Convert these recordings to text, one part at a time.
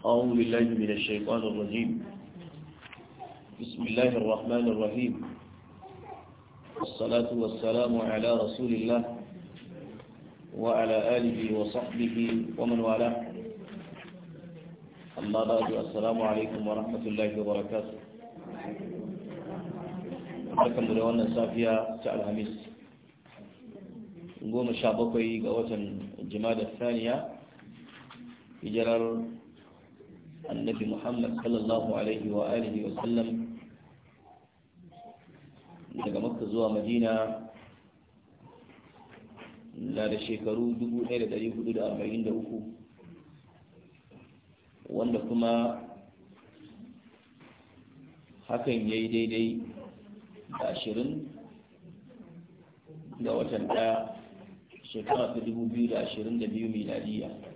أعوذ بالله من الشيطان الرجيم بسم الله الرحمن الرحيم والصلاة والسلام على رسول الله وعلى آله وصحبه ومن والاه أما بعد السلام عليكم ورحمة الله وبركاته barkan mu سافيا wannan هميس نقوم الشعب goma قوة الجماد الثانية في jima'a annabi muhammad sallallahu alaihi wa alihi wa sallam daga makka zuwa madina na da shekaru dubu da da da dari hudu arba'in uku wanda kuma hakan ya yi daidai da ashirin da watan ɗaya shekara ta 2022 miladiya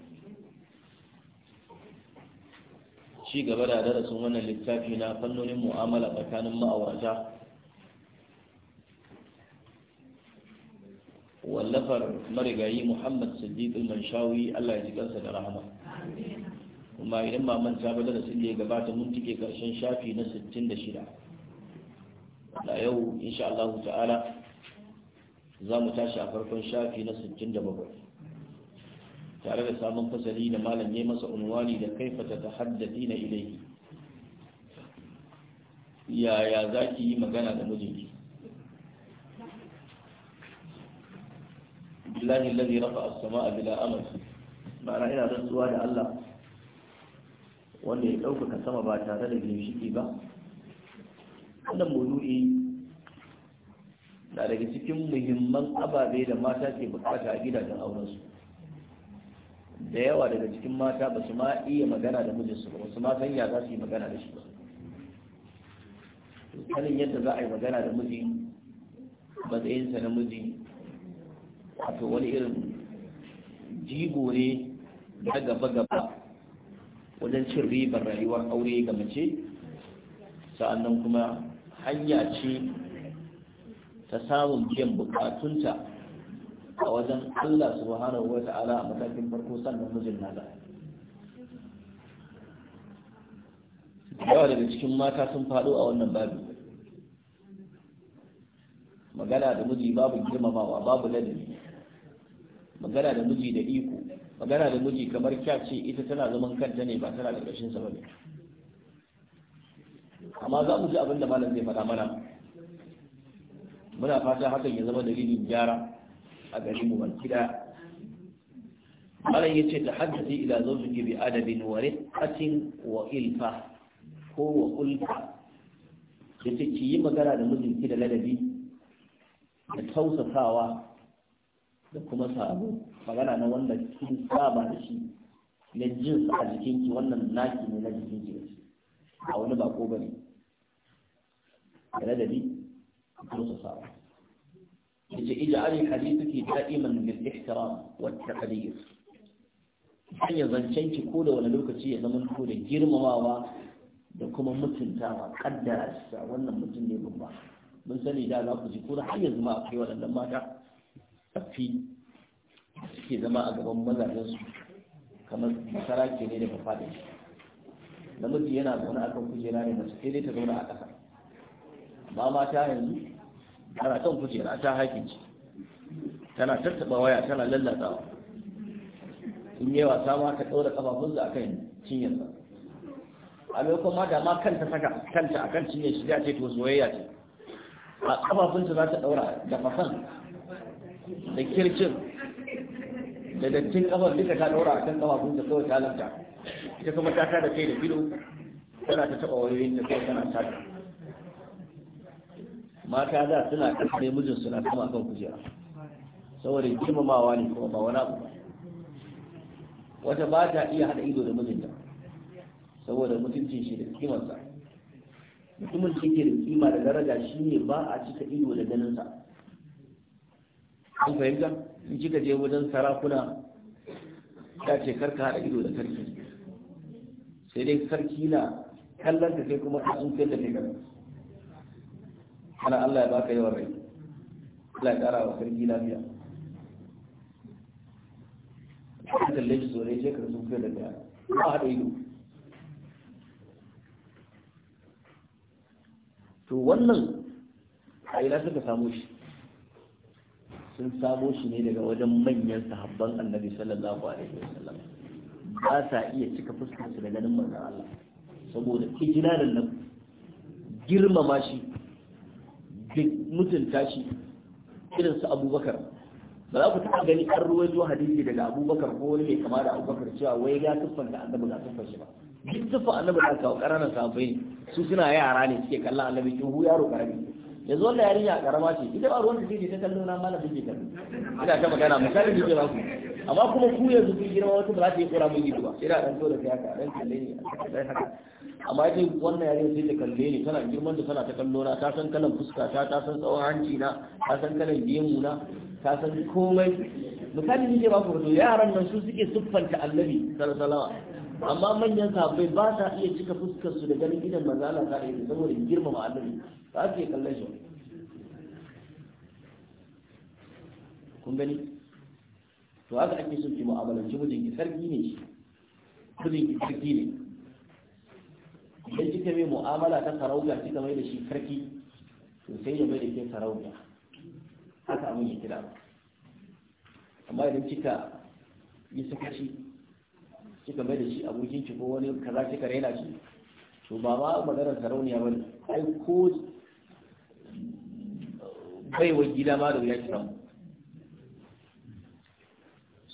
ci gaba da darasin wannan littafi na fannonin mu'amala tsakanin ma'aurata wallafar marigayi muhammad siddiq manshawi allah ya ji kansa da rahama kuma idan ba ta ba darasin da ya gabata mun tike karshen shafi na 66 da yau insha Allah ta'ala za mu tashi a farkon shafi na 67 tare da sabon fasali da malam ya masa unwani da fata ta haddadi na ilai, yaya za ki yi magana da mijinki billahi allazi rafa as a bila amal ma'ana ina rantsuwa da Allah wanda ya ɗaukaka sama ba tare da ginshiki ba wannan mulu'i na daga cikin muhimman ababe da mata ke bukata a gidajen aurensu da yawa daga cikin mata ba su ma iya magana da mijinsu ba su ma san ya za su yi magana da shi ba kanin yadda za a yi magana da miji matsayinsa na miji wato wani irin jigo ne na gaba-gaba wajen cin ribar rayuwar aure ga mace sa'annan kuma hanya ce ta samun biyan bukatunta a wajen Allah subhanahu wa ta'ala a matakin farko sannan mijin na yawa daga cikin mata sun faɗo a wannan babu magana da miji babu girmamawa babu ladabi magana da miji da iko magana da miji kamar kya ce ita tana zaman kanta ne ba tana ƙarshen sa bane amma za mu ji abin da malam zai faɗa mana muna fata hakan ya zama dalilin gyara a garin mu baki da malam yace ta haddace ila zawjiki bi adabin wa riqatin wa ilfa ko wa ulfa yace ki yi magana da mijinki da ladabi da tausasawa da kuma sabo magana na wanda kin saba da shi na jin sa a jikinki wannan naki ne na jikinki a wani bako bane da ladabi da tausasawa yace ij'al hadithuki da'iman bil ihtiram wat taqdir hanya zancen ki ko da wani lokaci ya zama ko da girmamawa da kuma mutuntawa kaddara shi wannan mutum ne babba mun sani da za ku ji ko da har yanzu ma akwai waɗannan mata tafi suke zama a gaban mazajen su kamar masara ke ne da fadin namiji yana zaune akan kujera ne masu sai ta zauna a ƙasa amma mata yanzu Ana kan kujera ta ci tana tattaba waya tana lallatawa in yi wasa ma ta ɗaura ƙafafunsa a kan sa. a lokacin ma da ma kanta saka kanta a kan cinye shi da ce to soyayya ce a ta za ta ɗaura da fasan da kirkin da dattin ƙafar duka ta ɗaura a kan ta kawai ta lanta ita kuma ta da kai da filo tana ta taɓa wayoyin da kawai tana sata mata da suna kasance mijin suna kama kan kujera saboda girmamawa ne kuma ba wani abu ba wata ba ta iya haɗa ido da mijinta saboda mutuncin shi da kimansa. mutumin da yake da kima da daraja shi ne ba a cika ido da ganinsa an fahimta in kika je wajen sarakuna ya ce karka haɗa ido da sarki sai dai sarki na kallon ka kai kuma ka sun fiye da kai ana Allah ya baka yawan rai Allah ya ƙara wa sarki lafiya ka kalle shi sore ce ka sun kai da daya ba haɗa ido to wannan a ina suka samu shi sun samo shi ne daga wajen manyan sahabban annabi sallallahu alaihi wasallam ba sa iya cika fuskar su da ganin manzon Allah saboda ijirarin nan girmama shi mutunta shi irin su abubakar ba za ku taɓa gani an ruwaito hadisi daga abubakar ko wani mai kama da abubakar cewa wai ya tuffan da annabi ga tuffan shi ba duk tuffan annabi da kawo ƙananan sahabbai su suna yara ne suke kallon annabi kin hu yaro karami yanzu wannan yarinya karama ce ita ba ruwan da ke ta kallo na malamin ke kallo ina ta magana misali ne ke ba ku amma kuma ku yanzu kun girma wata ba za ta yi kura mun yi ba sai da ɗan dole sai haka ɗan kalle ni ɗan haka amma dai wannan yare sai ta kalle ni tana girman da tana ta kallo na ta san kalan fuska ta ta san tsawon hanci na ta san kalan gemu na ta san komai misali ke ba ku fito yaran nan su suke siffanta annabi sallallahu amma manyan sahabbai ba sa iya cika fuskar su da ganin idan manzo Allah ta yi saboda girmama annabi ba su iya kallon shi kun gani to haka ake so ki mu'amalanci mijin ki sarki ne shi mijin ki sarki ne idan kika mai mu'amala ta sarauta kika mai da shi sarki to sai ya mai da ke sarauta haka abin ya kira amma idan kika yi sakaci kika mai da shi abokin ki ko wani kaza kika raina shi to ba ma maganar sarauniya bane ai ko baiwar gida ma da wuya ki samu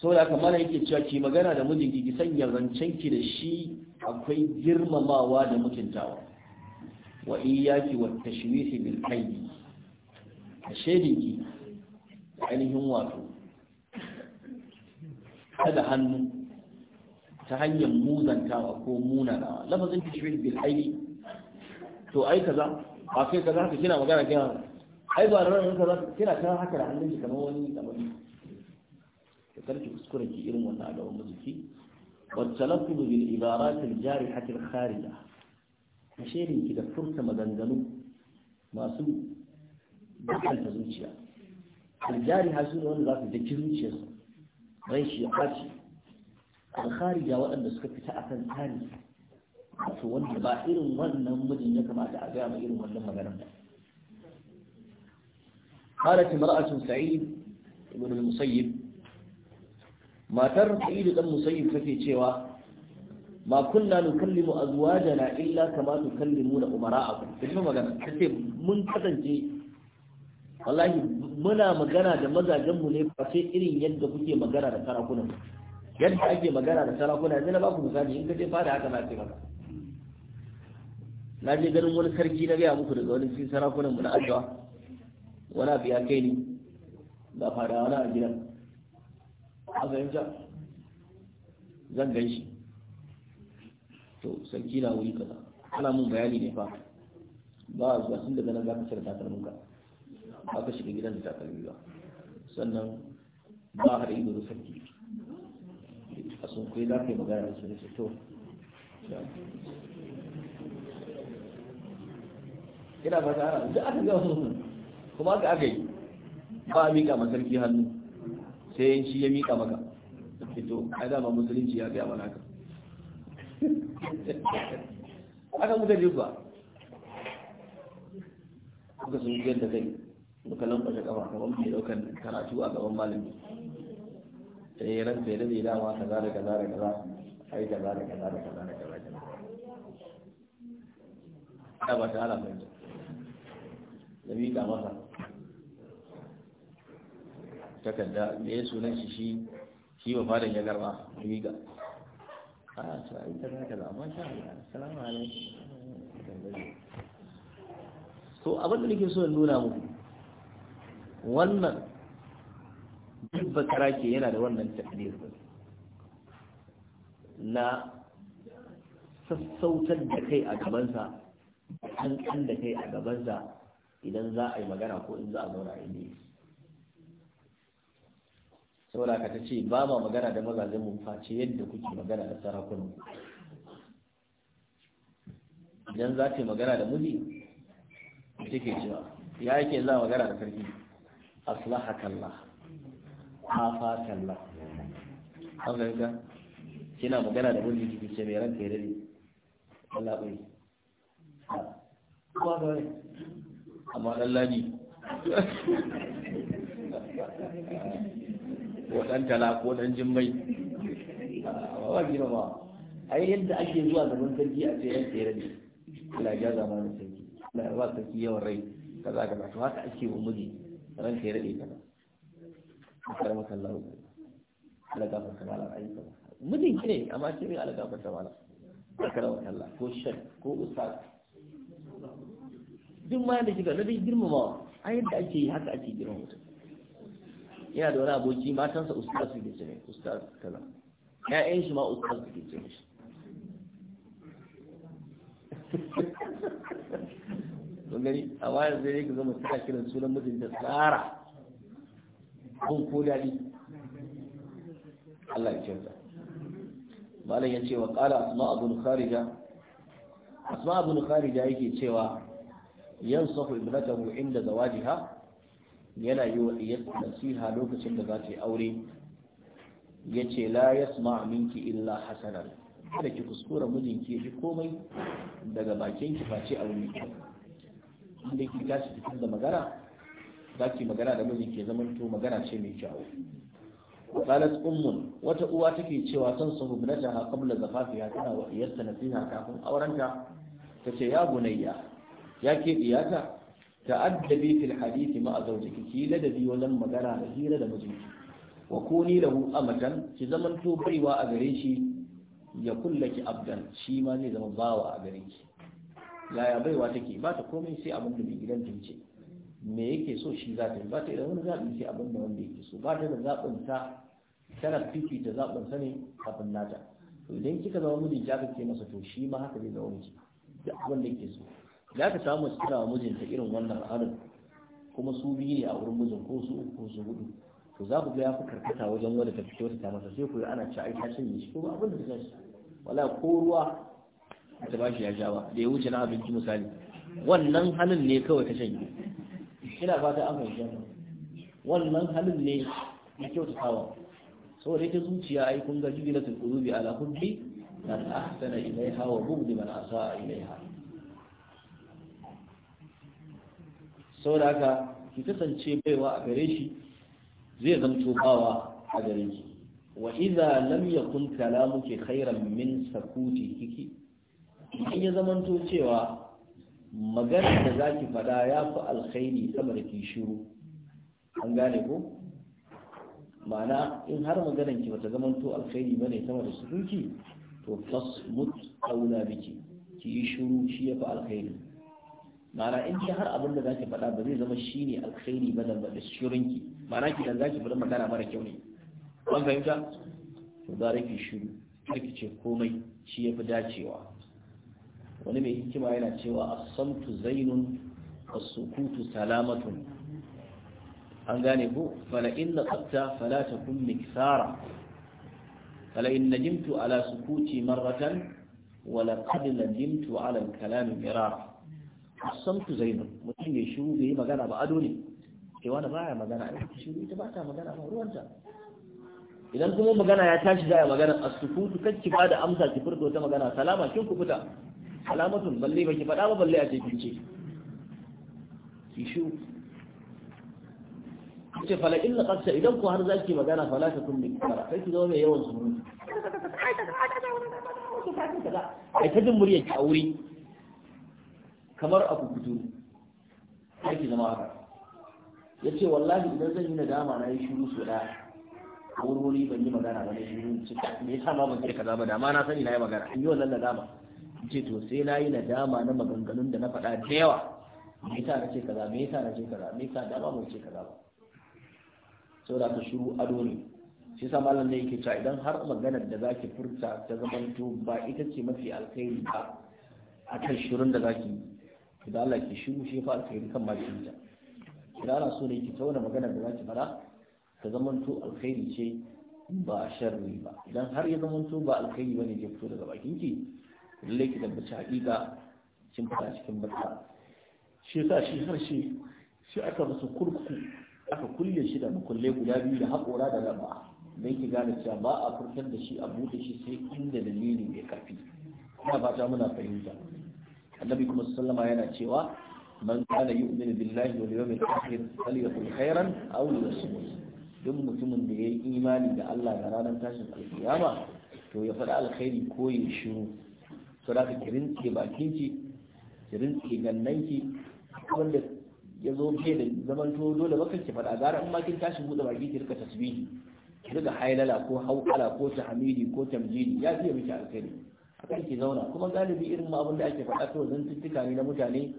saboda haka mana yake cewa ki magana da mijinki ki sanya ki da shi akwai girmamawa da mutuntawa wa iyyaki wa tashwihi bil kayyi a ki ainihin wato kada hannu ta hanyar muzantawa ko munanawa lafazin tashwihi bil kayyi to ai kaza ba kai kaza kina magana kina ai ba ran kaza kina ta haka da hannunki kamar wani kamar كانت kuskure ki irin wannan a والتلفظ بالعبارات الجارحة الخارجة كشيرين كده فرصة مدنجلو ما سوء بحل تزوجيا الجارحة سوء وانا ذات ذكرنشيا ريشي قاتي الخارجة وانا سكت تأثن ثاني wato wanda ba مدن wannan mijin ya kamata a قالت امرأة سعيد ابن المصيب matar sa'idu dan musayyib take cewa ma kunna nukallimu azwajana illa kama umara abu kuma magana kace mun kasance wallahi muna magana da mazajen mu ne ba sai irin yadda kuke magana da sarakunan yadda ake magana da sarakuna yanzu na ba ku misali in ka je fada haka na ce maka na je ganin wani sarki na gaya muku daga wani cikin sarakunan mu na arewa wani abu ya kai ni ga fadawa na a gidan a fahimta zan gan shi to sarki na wuri kaza ana mun bayani ne fa ba a zuwa tun daga nan za ka cire takalmin ka ba ka shiga gidan da takalmi ba sannan ba har ido da sarki a sun kai za ka yi magana da sarki to ina ba ta hana duk aka ga kuma aka aka yi ba a miƙa masarki hannu sai yin shi ya miƙa maka fito ai dama musulunci ya gaya mana haka aka muka ba kuka sun jiyar zai? kai muka lambata kafa kamar mai daukan karatu a gaban malami sai eh, ya ranta yadda zai dama kaza da kaza da kaza zara kaza da kaza da kaza da kaza da ba zara ala zara da miƙa masa takarda me ya sunan shi shi shi ba fadan ya garba riga a to ta ga kaza amma sha Allah assalamu alaikum to abin da nake so in nuna muku wannan duk bakara ke yana da wannan takdir na sassautar da kai a gabansa kankan da kai a gabansa idan za a yi magana ko in za a zauna a inda saboda ka ta ce ba ma magana da mazajen mu face yadda kuke magana da sarakunan idan za ta yi magana da miji take cewa ya yake za magana da sarki aslahakallah afakallah an fahimta kina magana da muni kike ce mai ranka ya dade Allah bai kuma ga amma dan ne ko ɗan tala ko ɗan jimmai ba gina ba ai yadda ake zuwa gaban sarki a ce yan tsere ne Allah ya zama da sarki Allah ya ba sarki yawan rai kaza kaza to haka ake wa miji ran tsere ne kaza kar maka Allah Allah ga fa kamala ai kaza mijin ki ne amma ki ne Allah ga fa kamala kar maka Allah ko shar ko ustaz duk ma da kika na dai girmamawa ai yadda ake yi haka ake girmama mutum yana da wani aboki matansa ustaz suke ke cire ustaz kaza ƴaƴan shi ma ustaz suke cire. shi don gani a wayar zai ka zama suna kiran sunan da tsara kun ko daɗi Allah ya canza malam ya ce wa ƙara asma abu kharija asma abu kharija yake cewa yansahu ibnatahu inda zawajiha yana yi wa ɗiyarsa nasiha lokacin da za ta yi aure ya ce la ma aminki illa hasanan kada ki kuskura mijinki ya komai daga bakin ki face aure inda ki tashi fitar da magana za ki magana da mijinki ya zamanto magana ce mai kyau qalat ummun wata uwa take cewa son su ha qabla zafafiha tana wa iyarta nasiha kafin aurenta tace ya gunayya ya ke ta'addabi fil hadisi ma azawjiki ki ladabi wajen magana da hira da mijinki wa kuni lahu amatan ki zamanto baiwa a gare shi ya kullaki abdan shi ma zai zama bawa a gare ki La ya baiwa take ba ta komai sai abin da mai gidan ta ce me yake so shi za ta yi ba ta da wani zaɓi sai abin da wanda yake so ba ta da zaɓin ta tana fifita zaɓin sa ne kafin nata to idan kika zama miji ki aka ce masa to shi ma haka zai zama miji duk abin da yake so za ka samu su kira mijinta irin wannan halin? kuma su biyu ne a wurin mijin ko su uku ko su hudu to za ku ga ya fi karkata wajen wani ta fito ta masa sai ku yi ana ci aiki ta cinye shi ko abin da ta shi wala ko ruwa ta ba shi ya sha ba da ya wuce na abinci misali wannan halin ne kawai ta shanye ina fata an fahimta wannan halin ne ya na kyautatawa saboda ita zuciya ai kun ga jibilatul qulubi ala hubbi man ahsana ilaiha wa bughdi man asaa ilaiha da haka ki kasance baiwa a gare shi zai zanto bawa a gare shi. wa idza lam yakun kalamuki khairan min sakuti kiki in ya zamanto cewa magana da zaki fada ya fi alkhairi sama da ki shiru an gane ko ma'ana in har maganar ki bata zamanto alkhairi bane sama da sukunki to fasmut aula biki ki yi shiru shi ya fi alkhairi ma'ana in ki har abin da zaki faɗa ba zai zama shine alkhairi ba da da ki, ma'ana ki dan zaki faɗa magana mara kyau ne ban fahimta to da rafi shiru kake ce komai shi yafi dacewa wani mai hikima yana cewa as-samtu zainun as-sukutu salamatun an gane ko fala in laqta fala takun miksara fala in jimtu ala sukuti marratan wa laqad najimtu ala al-kalam mirara samtu zainab mutum ya shiru bai yi magana ba ado ne sai ba ya magana a cikin shiru ita ba ta magana ba ruwanta idan kuma magana ya tashi za a magana a sukutu kan ki ba da amsa ki furta ta magana salama kin ku fita salamatun balle ba ki faɗa ba balle a ce kin ce ki shiru ce fala in na ƙasa idan ku har za ki magana fala ta kun bin kara kai ki zama mai yawan surutu ai ta jin muryar ki a wuri kamar abu gudu aiki zama haka ya ce wallahi idan zan yi dama na yi shiru su ɗaya wurwuri ban yi magana ba na shiru ce me yasa ma ban ce kaza ba dama na sani na yi magana An yi wannan dama in ce to sai na yi na dama na maganganun da na faɗa da yawa me yasa na ce kaza me yasa na ce kaza me yasa dama ban ce kaza ba saboda ka shiru ado ne shi sa malam ne yake cewa idan har maganar da zaki furta ta zamanto ba ita ce mafi alkhairi ba akan shirin da zaki yi idan Allah ke shiru shi fa alkhairi kan ma ki ta idan ana so ne ki tauna magana da zaki fara ta to alkhairi ce ba sharri ba idan har ya to ba alkhairi bane ke fito daga bakin ki lalle ki tabbata hakika kin fara cikin barka shi yasa shi harshe shi aka masa kurku aka kulle shi da makulle guda biyu da haƙora da lamba dan ki gane cewa ba a furtar da shi a buɗe shi sai inda dalili mai karfi ina fata muna fahimta annabi kuma sallama yana cewa man kana yu'minu billahi wal yawmil akhir falyakul khairan aw liyasmut duk mutumin da yayi imani da Allah da ranar tashin alkiyama to ya faɗi alkhairi ko ya shiru to da ki rinke bakinki ki rinke gannanki wanda ya zo ke da zaman to dole baka ki faɗa gara in ma kin tashi buɗe baki ki rika tasbihi ki rika hailala ko hauƙala ko tahmidi ko tamjidi ya fiye miki alkhairi haka yake zauna kuma galibi irin abin da ake faɗa to zan tuttuka ne na mutane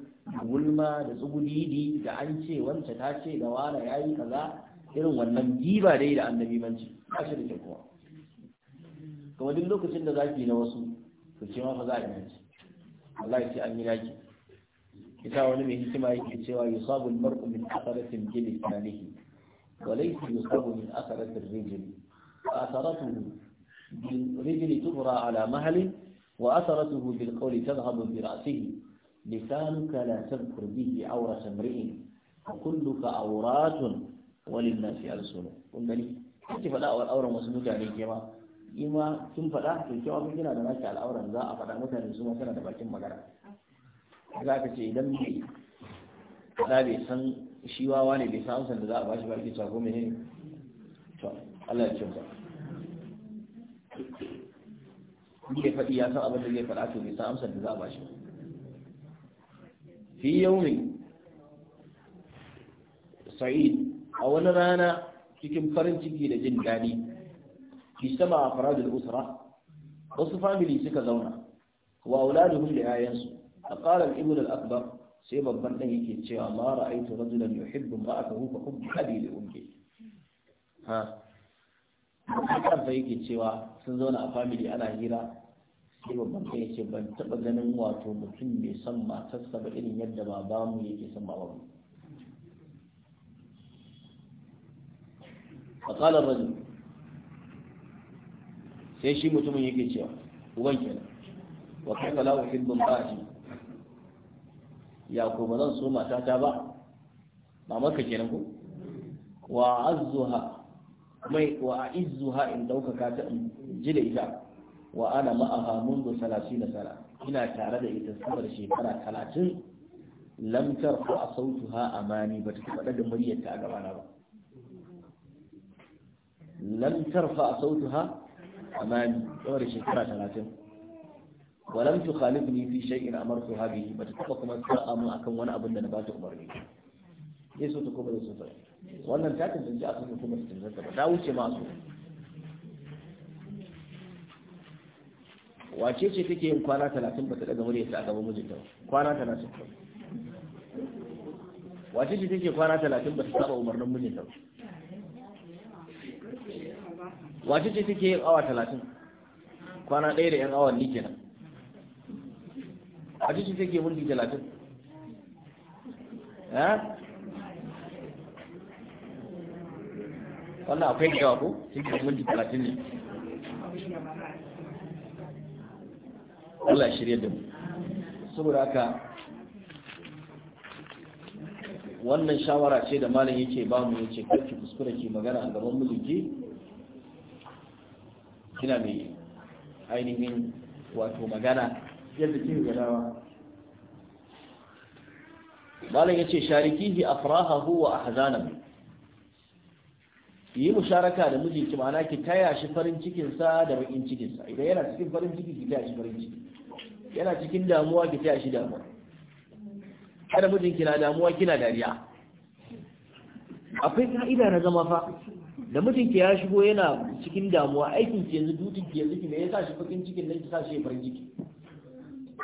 gulma da tsugudidi da an ce wancan ta ce da wala yi kaza irin wannan giba dai da annabi manci ba shi da ke kuma kuma duk lokacin da zaki na wasu to ce ma fa za a yi manci Allah ya ce an yi naki kita wani mai hikima yake cewa yusabu sabu maru min atharatin bilisanihi wa laysa sabu min atharatir rijli fa atharatuhu bil rijli ala mahalin وأثرته بالقول تذهب برأسه لسانك لا تذكر به عورة امرئ كلك عورات وللناس ألسن kun gani kake fada a auren wasu mutane ke ma in ma kin faɗa to kewa kun kina da naki al'auran za a fada mutane su ma suna da bakin magana za ka ce idan mai faɗa bai san shi wawa ne bai samu da za a bashi baki ne ne to Allah ya ce ya faɗi ya san abin da zai faɗa to bai san amsar da za a ba shi fi yaumin sa'id a wani rana cikin farin ciki da jin daɗi ishtama a faradul usra wasu family suka zauna wa auladuhum da yayansu a qala ibn al-akbar sai babban dan yake cewa ma ra'aytu rajulan yuhibbu ma'ahu fa hubbi abi li ummi ha haka fa yake cewa sun zauna a family ana hira sai babban ya ce ban taɓa ganin wato mutum mai son matarsa ba irin yadda ba mu yake son ba mu tsalar rajin sai shi mutumin yake cewa uban kenan wa kai la uhibbu al ce? ya ko ba zan so matata ba mamarka kenan ko wa azzuha mai wa izzuha in ɗaukaka ta in ji da ita wa ana ma'aha mundu da sana ina tare da ita sabar shekara talatin lamtar ko a a amani ba ta faɗa da muryarta a gabana ba lamtar tarfa a a amani sabar shekara talatin? wa khalif ni fi shay'in amartuha bihi ba ta taɓa kuma sa'a mun akan wani abin da na ba ta umarni yeso ta kuma yeso ta wannan ta tantance a cikin kuma ta tantance ba ta wuce ma su wace ce take yin kwana talatin ba ta daga muryarta a gaban mijinta ba kwana talatin wace ce take kwana talatin ba ta saba umarnin mijinta ba wace ce take yin awa talatin kwana ɗaya da yan awanni kenan wace ce take mulki talatin wannan akwai da ko? Cikin mulki talatin ne. Allah ya shirya da mu saboda haka wannan shawara ce da malam yake ba mu yace karki kuskure ki magana a gaban mulki kina mai ainihin wato magana yadda kin gadawa malam yace sharikihi afrahahu wa ahzanahu yi musharaka da mijinki ma'ana ki taya shi farin cikinsa da bakin cikinsa idan yana cikin farin ciki ki taya shi farin ciki yana cikin damuwa ki taya shi damuwa kada mijin kina damuwa kina dariya akwai ka'ida na zama fa da mijinki ya shigo yana cikin damuwa aikin ki yanzu dutin ki yanzu ki me yasa shi fakin cikin nan ki sa shi farin ciki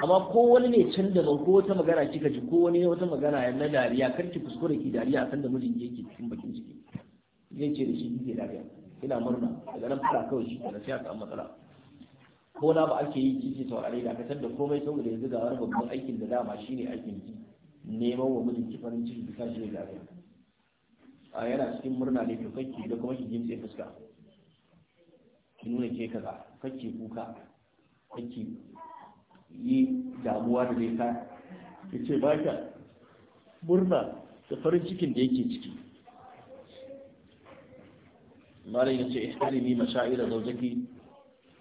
amma ko wani ne can da ko wata magana kika ji ko wani wata magana na dariya kar ki kuskure ki dariya san da mijinki yake cikin bakin ciki zai ce da shi kike dariya ina murna daga nan fara kawai shi da sai aka matsala ko na ba ake yi kike saurare da kasar da komai saboda yanzu ga wani babban aikin da dama shine aikin ki neman wa mijinki farin ciki ki shi ne lafiya a yana cikin murna ne to kake da kuma ki gimtse fuska ki nuna ke kaza kake kuka kake yi damuwa da zai ka ki ce ba ka murna da farin cikin da yake ciki malam ya ce ihdari ni mashaira zaujaki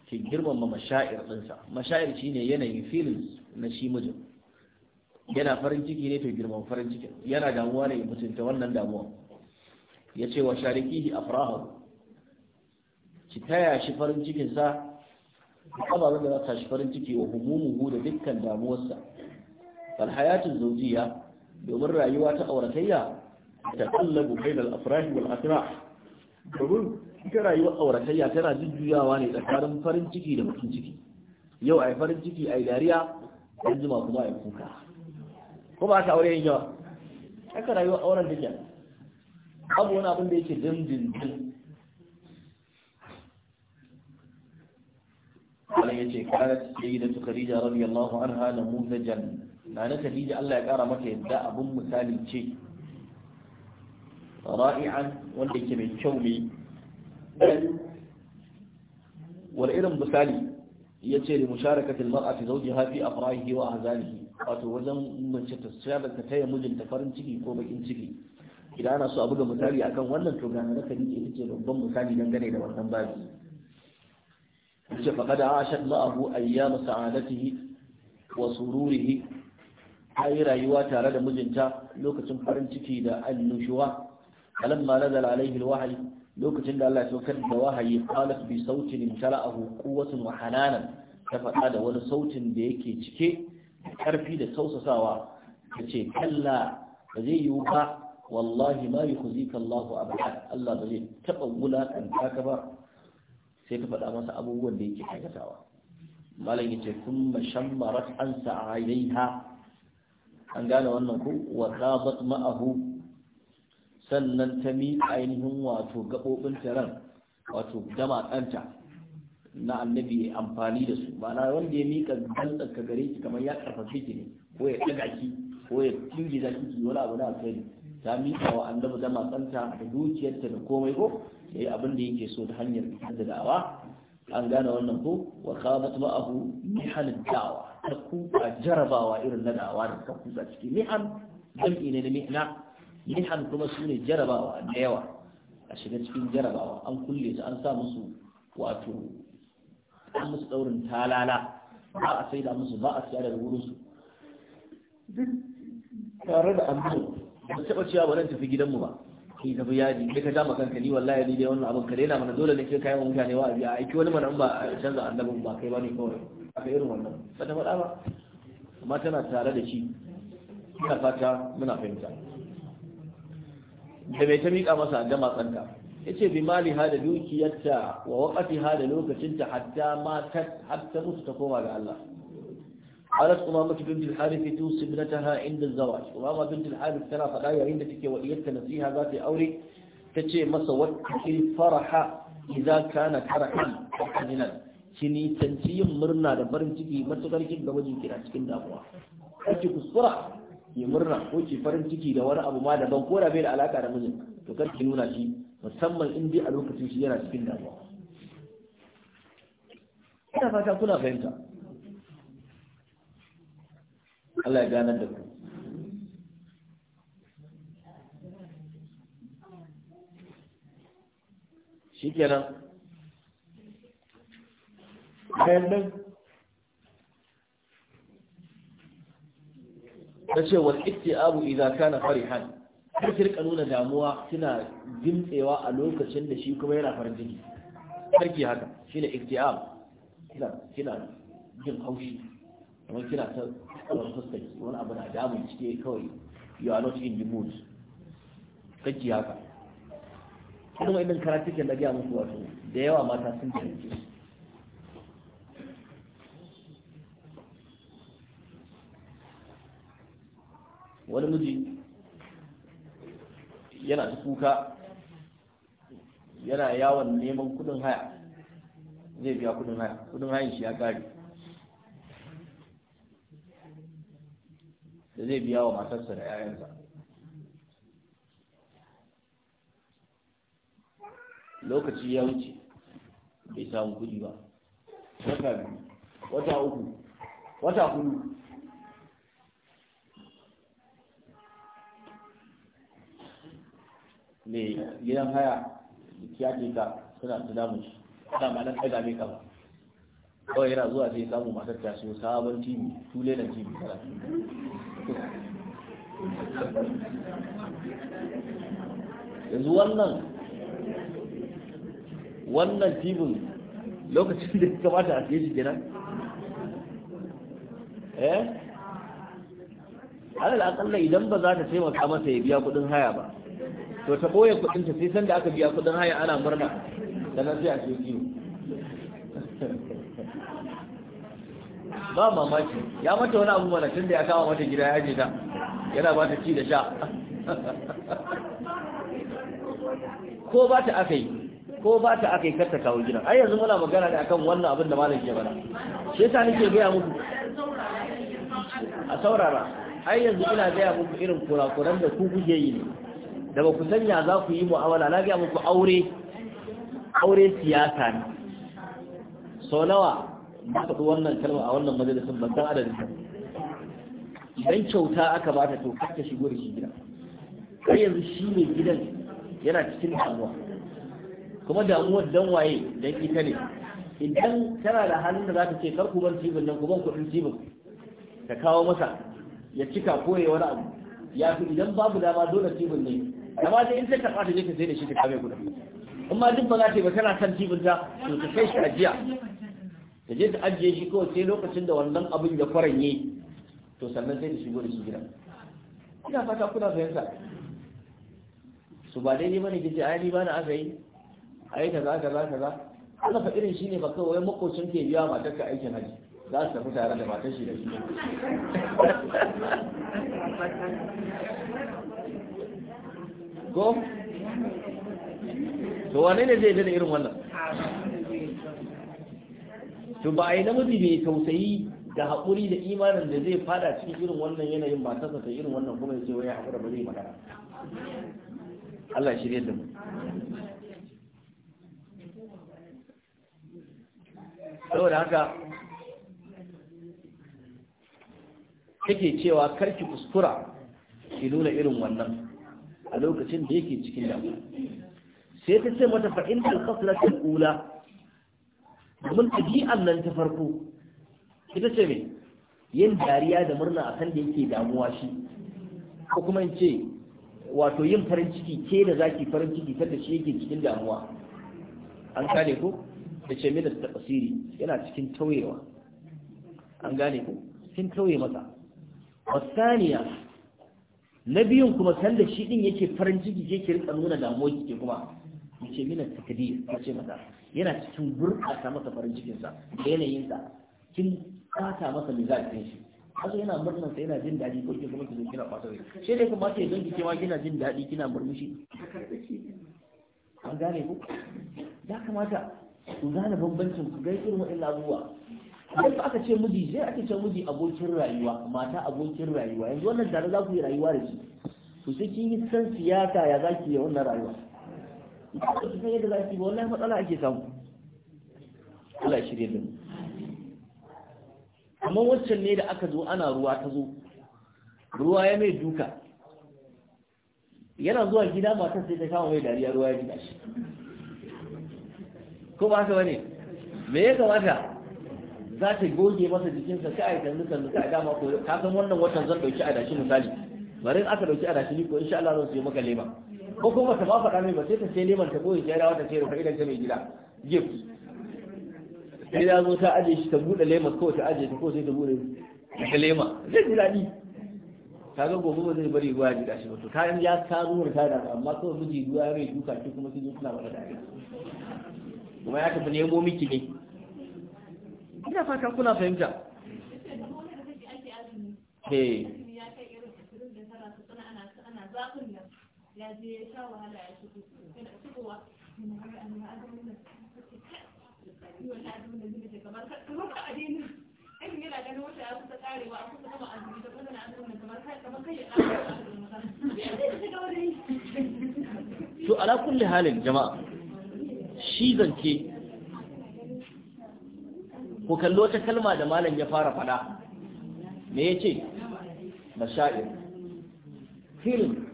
ke girmama mashair ɗinsa mashair ne yanayin feelings na shi mijin yana farin ciki ne to girman farin cikin yana damuwa ne mutunta wannan damuwa ya ce wa sharikihi afrahu ki taya shi farin cikinsa ababen da za ta shi farin ciki wa humumuhu da dukkan damuwarsa fal hayatun zaujiya domin rayuwa ta auratayya ta kallabu bainal afrahi wal asra domin ita rayuwar auratayya tana jujjuyawa ne tsakanin farin ciki da bakin ciki yau yi farin ciki a yi dariya an jima kuma a yi kuka ko ba ta aure yin yawa haka rayuwar auren take abu wani abin da yake dindindin Wani ya ce yi da su Khadija radiyallahu jan. Na na Khadija Allah ya kara mata yadda abin misali ce ra'i'an wanda yake mai kyau mai wani irin misali ya ce da musharakatul mar'a fi a fi afrahihi wa ahzanihi wato wajen mace ta shirarta ta yi mijinta farin ciki ko bakin ciki idan ana so a buga misali akan wannan to gane na kan ke babban misali dangane da wannan babi yace faqad ashat ma'ahu ayyam sa'adatihi wa sururihi ai rayuwa tare da mijinta lokacin farin ciki da annushuwa falamma nazala alaihi alwahyi lokacin da Allah ya saukar da wahayi qalat bi sautin imtala'ahu quwwatun wa hananan ta faɗa da wani sautin da yake cike karfi da tausasawa ta ce kalla ba zai yiwu ba wallahi ma yukhzika Allahu abad Allah ba zai taɓa wulaƙanta ka ba sai ta fad'a masa abubuwan da yake aikatawa malam yace thumma shammarat an sa'ayha an gane wannan ku wa qadat ma'ahu sannan ta mi ainihin wato gaɓoɓin taron, wato dama ɗanta na annabi amfani da su ma'ana wanda ya miƙa dantsan ka gare ki kamar ya karfafi ki ne ko ya ɗaga ki ko ya tungiza ki wani abu na alkhairi ta miƙa wa annabi dama ɗanta da dukiyarta da komai ko ya yi abin da yake so da hanyar da da'awa an gane wannan ko wa qamat ma'ahu mihan da'wa ta kuka jarabawa irin na da'awa da ta kuka ciki mihan jam'i ne na mihna mihan kuma su ne jarabawa da yawa a shiga cikin jarabawa an kulle su an sa musu wato an musu daurin talala ba a sai da musu ba a siya daga wurinsu duk tare da annu ba ta cewa ba fi tafi mu ba kai tafi yadi. kai ka dama kanka ni wallahi ni dai wannan abin ka daina mana dole ne kai kayan mutane wa a aiki wani mana ba a canza annabin ba kai ba ne kawai aka irin wannan ba ta faɗa ba amma tana tare da shi ina fata muna fahimta da mai ta miƙa masa adama matsan ta ya ce bi mali ha da dukiyarta wa waƙafi ha da lokacinta hatta matar hatta musu ta koma ga Allah alas kuma mace bin bilhari fi tusi ta ha inda zawa kuma ma bin bilhari tana faɗa yayin da take waɗiyarta nasiha za ta yi aure ta ce masa wata kil faraha iza kana karahan a kajinan kini tanci yin murna da farin ciki matuƙar kin ga mijin kira cikin damuwa kake kuskura ya murna ko ke farin ciki da wani abu ma daban ko da bai da alaka da mijin to kar ki nuna shi musamman in dai a lokacin shi yana cikin damuwa ina fata kuna fahimta Allah ya ganar da ku shikenan kenan ta ce wal ittiabu idza kana farihan kar ki rika nuna damuwa kina dimtsewa a lokacin da shi kuma yana farin ciki kar ki haka shine ittiab kina kina jin haushi kuma kina ta wani sosai, wani abu na damun cike kawai you are not in the mood kar ki haka kuma idan karatu ke da ga muku wato da yawa mata sun tantance wani miji yana ta kuka yana yawon neman kudin haya zai biya kudin haya kudin hayan shi ya kare da zai biya wa matarsa da 'ya'yansa lokaci ya wuce bai samu kudi ba wata uku wata hudu mai gidan haya ya ce ka suna su damu shi ta ma nan ɗaga mai kama kawai yana zuwa sai samu matar ta siyo sabon tv tule da tv tara yanzu wannan wannan tibin lokacin da ya kamata a siye shi kenan eh alal akalla idan ba za ta taimaka masa ya biya kudin haya ba to ta boye kudin ta sai sanda aka biya kudin haya ana murna sannan sai a ce kiwo ba mamaki ya mata wani abu mana tun da ya kama mata gida ya je ta yana ba ta ci da sha ko ba ta aka yi ko ba ta aka yi karta kawo gidan ai yanzu muna magana da akan wannan abin da malam ke bana shi yasa nake gaya muku a saurara ai yanzu ina gaya muku irin kurakuran da ku kuke yi ne da ba ku sanya za ku yi mu'amala na gaya muku aure aure siyasa ne sau nawa ba ka wannan kalma a wannan majalisun ban san adadin idan kyauta aka ba ta to ka shigo da shi gida kai yanzu shi ne gidan yana cikin damuwa kuma damuwar dan waye dan ita ne idan tana da halin da za ta ce kar ku ban tibin nan ku ban kuɗin tibin ka kawo masa ya cika ko ya wani abu ya fi idan babu dama dole tibin ne amma dai in sai ka fata ne ka sai da shi ta kame kuɗi in ma duk ba za ta yi ba kana kan tibin ta to ta kai shi ajiya ta je ta ajiye shi kawai sai lokacin da wannan abin ya kwaranye to sannan sai ta shigo da shi gida ina fata kuna fahimta su ba dai daidai bane kace ai ni bana aka yi ai kaza kaza kaza Allah fa irin shine ba kawai makocin ke biya matar ka aikin haji za su tafi tare da matar shi da shi ko to wane ne zai da irin wannan to ba a yi namiji bai tausayi da haƙuri da imanin da zai fada cikin irin wannan yanayin ba ta ta irin wannan kuma ya ce wani haƙura ba zai magana Allah shi da mu saboda haka take cewa karki kuskura ki nuna irin wannan a lokacin da yake cikin damuwa sai ta ce mata fa'in alƙaslatul ula domin ɗabi'an nan ta farko ita ce mai yin dariya da murna a kan da yake damuwa shi ko kuma in ce wato yin farin ciki ke da zaki farin ciki ta da shi yake cikin damuwa an gane ko da ce mai da tafasiri yana cikin tauyewa an gane ko sun tauye masa wasaniya na biyun kuma sanda shi din yake farin ciki ke ke rika nuna damuwa ke kuma mu ce mina takdir ce mata yana cikin ta masa farin cikin sa da yanayin sa kin kata masa mizajin shi haka yana murnan sa yana jin daɗi ko ke kuma ki kira fata wai shi ne kuma ke don ki cewa kina jin daɗi kina murmushi an gane ku ya kamata ku gane bambancin ku ga irin waɗannan abubuwa yanzu aka ce miji sai ake ce miji abokin rayuwa mata abokin rayuwa yanzu wannan tare za ku yi rayuwa da shi to sai kin yi san siyasa ya za ki yi wannan rayuwa ba ki san yadda za ki ba wallahi matsala ake samu Allah shi da mu amma waccan ne da aka zo ana ruwa ta zo ruwa ya mai duka yana zuwa gida matar sai ta kama mai dariya ruwa ya gida shi ko ba haka bane me ya kamata za ta goge masa jikinsa ka aika tanzu tanzu ka dama ko ka san wannan watan zan dauki adashi misali bari in aka dauki adashi ni ko insha Allah zan siyo maka lema ko kuma ta ba faɗa mai ba sai ta sai leman ta goge jira wata ta sai rufa idan ta mai gida gift sai ya zo ta aje shi ta bude lema ko ta aje ta ko sai ta bude ta lema zai ji daɗi ta ga gobe ba zai bari ruwa ya jida shi ba to ta ya ta zo ta da amma kawai miji ruwa ya mai duka ki kuma kin zo suna ba da kuma ya tafi nemo miki ne ina fata kuna fahimta to ala kulli halin jama'a shi zance ku kallo ta kalma da malam ya fara fada me yace mashair film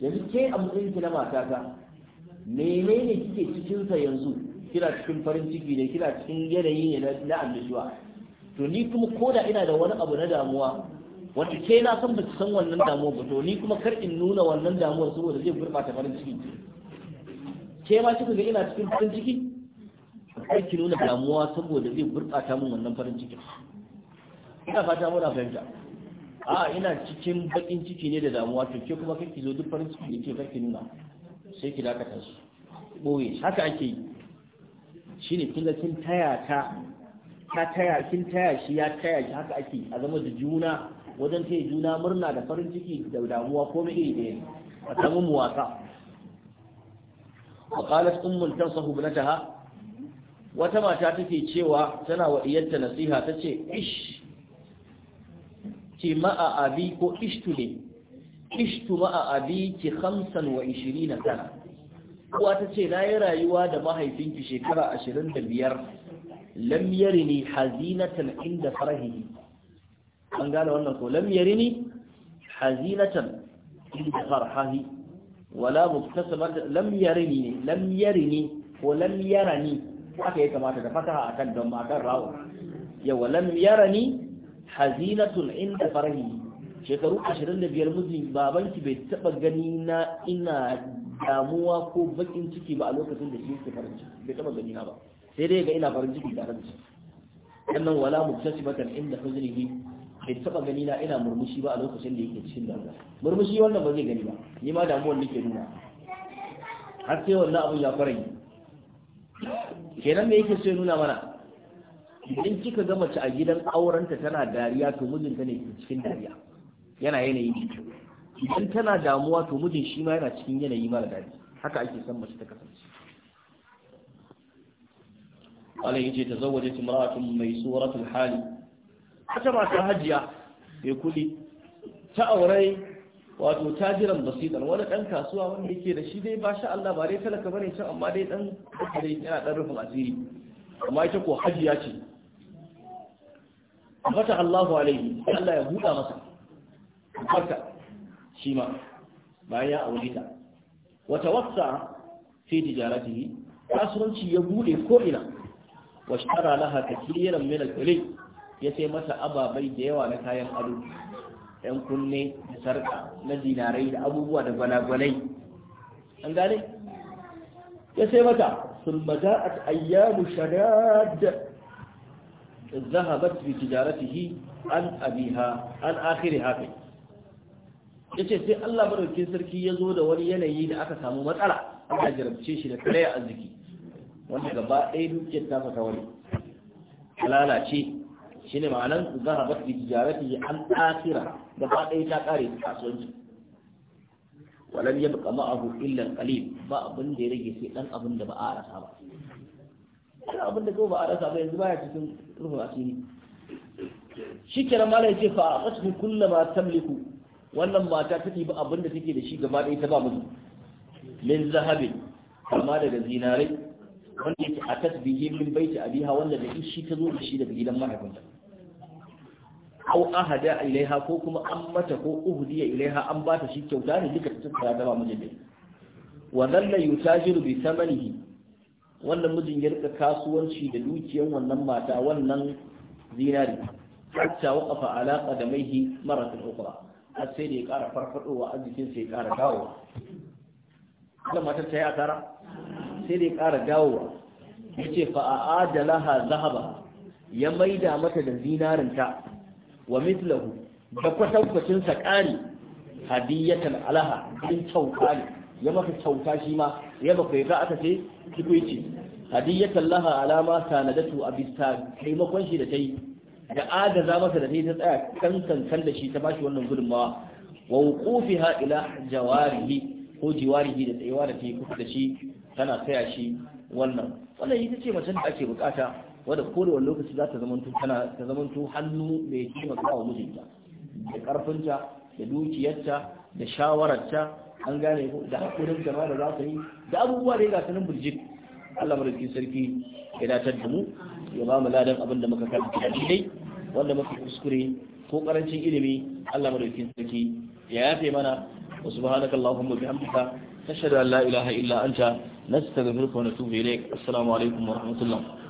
yanzu ke a matsayin na matata menene kike cikin sa yanzu kina cikin farin ciki ne kina cikin yanayi ne na annashuwa to ni kuma koda ina da wani abu na damuwa wanda ke na san baki san wannan damuwa ba to ni kuma kar in nuna wannan damuwar saboda zai gurɓata farin ciki ke ma kika ga ina cikin farin ciki aiki nuna damuwa saboda zai gurɓata min wannan farin cikin ina fata muna fahimta a ina cikin bakin ciki ne da damuwa to ke kuma kake zo duk farin ciki ne, ke kake nuna sai ki dakata su boye haka ake yi shine kin ga kin taya ta ta taya kin taya shi ya taya shi haka ake a zama da juna wajen taya juna murna da farin ciki da damuwa ko me ne ɗaya a samu muwaka وقالت أم تنصح ابنتها wata mata take cewa tana wa iyarta nasiha ta ce ish ki ma'a abi ko ishtu ne ishtu ma'a abi ki hamsan wa ishiri na sana kuwa ta ce na yi rayuwa da mahaifinki shekara ashirin da biyar lam yarini hazinatan inda farahi an gane wannan ko lam yarini hazinatan inda farahi wala muktasabatan lam yarini lam yarini ko lam yarani aka yi kamata da fataha kan don matan rawo yawa lam yarani tun inda farahi shekaru 25 mutum babanki bai taba gani na ina damuwa ko bakin ciki ba a lokacin da shi yake farin ciki bai taba gani na ba sai dai ga ina farin ciki da ranci sannan wala muktasibatan inda huznihi bai taba gani na ina murmushi ba a lokacin da yake cikin damuwa murmushi wannan ba zai gani ba ni ma damuwar nake nuna har sai wannan abun ya fara yi kenan me yake so ya nuna mana idan kika ga mace a gidan aurenta tana dariya to mijinta ne cikin dariya yana yanayi idan tana damuwa to mijin shi ma yana cikin yanayi mara dadi haka ake san mace ta kasance Allah yace tazawwajat imra'atun mai suratul hali ta ma ta hajiya mai kudi ta aure wato tajiran basidan wani ɗan kasuwa wanda yake da shi dai ba sha Allah ba dai talaka bane can amma dai ɗan dai yana ɗan rufin asiri amma ita ko hajiya ce fata Allahu alaihi Allah ya buɗa masa barka shi ma bayan ya aure ta wa tawassa fi tijaratihi kasuwanci ya buɗe ko ina wa shara laha kathiran min al ya sai masa ababai da yawa na kayan ado yan kunne da sarka na dinarai da abubuwa da gwalagwalai an gane ya sai mata sun maja'at ayyamu shadad zahabat bi tijaratihi an abiha an akhiri hafi yace sai Allah madaukakin sarki ya zo da wani yanayi da aka samu matsala aka jarabce shi da kare arziki wanda gaba ɗaya dukiyar ta fata wani lalace shine ma'anan zahabat bi tijaratihi an akhira gaba ɗaya ta ƙare da kasuwanci walam ya buƙa ma'ahu illa qalil ba abin da ya rage sai dan abin da ba a rasa ba Ana abin da ba a rasa ba yanzu baya cikin rufin asiri shi kenan malai ce fa a kulla ma tamliku wannan mata ta ba abin da take da shi gaba ɗaya ta ba mu min zahabin kama daga zinarai wanda yake a tasbihin min baiti abiha wanda da shi ta zo da shi daga gidan mahaifinta au ahada ilaiha ko kuma an mata ko uhdiya ilaiha an ba ta shi kyauta ne duka ta tsara da mijin wa dalla yutajiru bi samanihi wannan mijin ya rika kasuwanci da dukiyar wannan mata wannan zinari hatta waqafa ala qadamaihi maratan ukhra har sai da ya ƙara farfadowa arzikin sai ya ƙara dawowa wannan matar ta yi asara sai da ya ƙara dawowa yace fa a'adalaha zahaba ya maida mata da zinarinta wa mislahu da kwatankwacin sa ƙari hadiyatan alaha din kyauta ne ya maka kyauta shi ma ya baka yaga aka ce kikuici hadiyatan laha alama sanadatu a bisa taimakon shi da ta yi da agaza masa da ta ta tsaya kankan da shi ta bashi wannan gudunmawa wa wuqufiha ila jawarihi ko jiwarihi da tsayawa da kusa da shi tana tsaya shi wannan wannan ita ce macen da ake bukata wadda kodewar lokaci za ta zamanto tana ta zamanto hannu mai taimaka wa mijinta da karfinta da dukiyarta da shawararta an gane ko da hakurin jama'a da za ta yi da abubuwa da ya gasa nan burjik Allah madaukakin sarki ya datar da mu ya ba mu ladan abin da muka karanta da dai wanda muka kuskure ko karancin ilimi Allah madaukakin sarki ya yafe mana wa subhanakallahumma bihamdika nashhadu an la ilaha illa anta nastaghfiruka wa natubu ilayk assalamu alaikum wa rahmatullah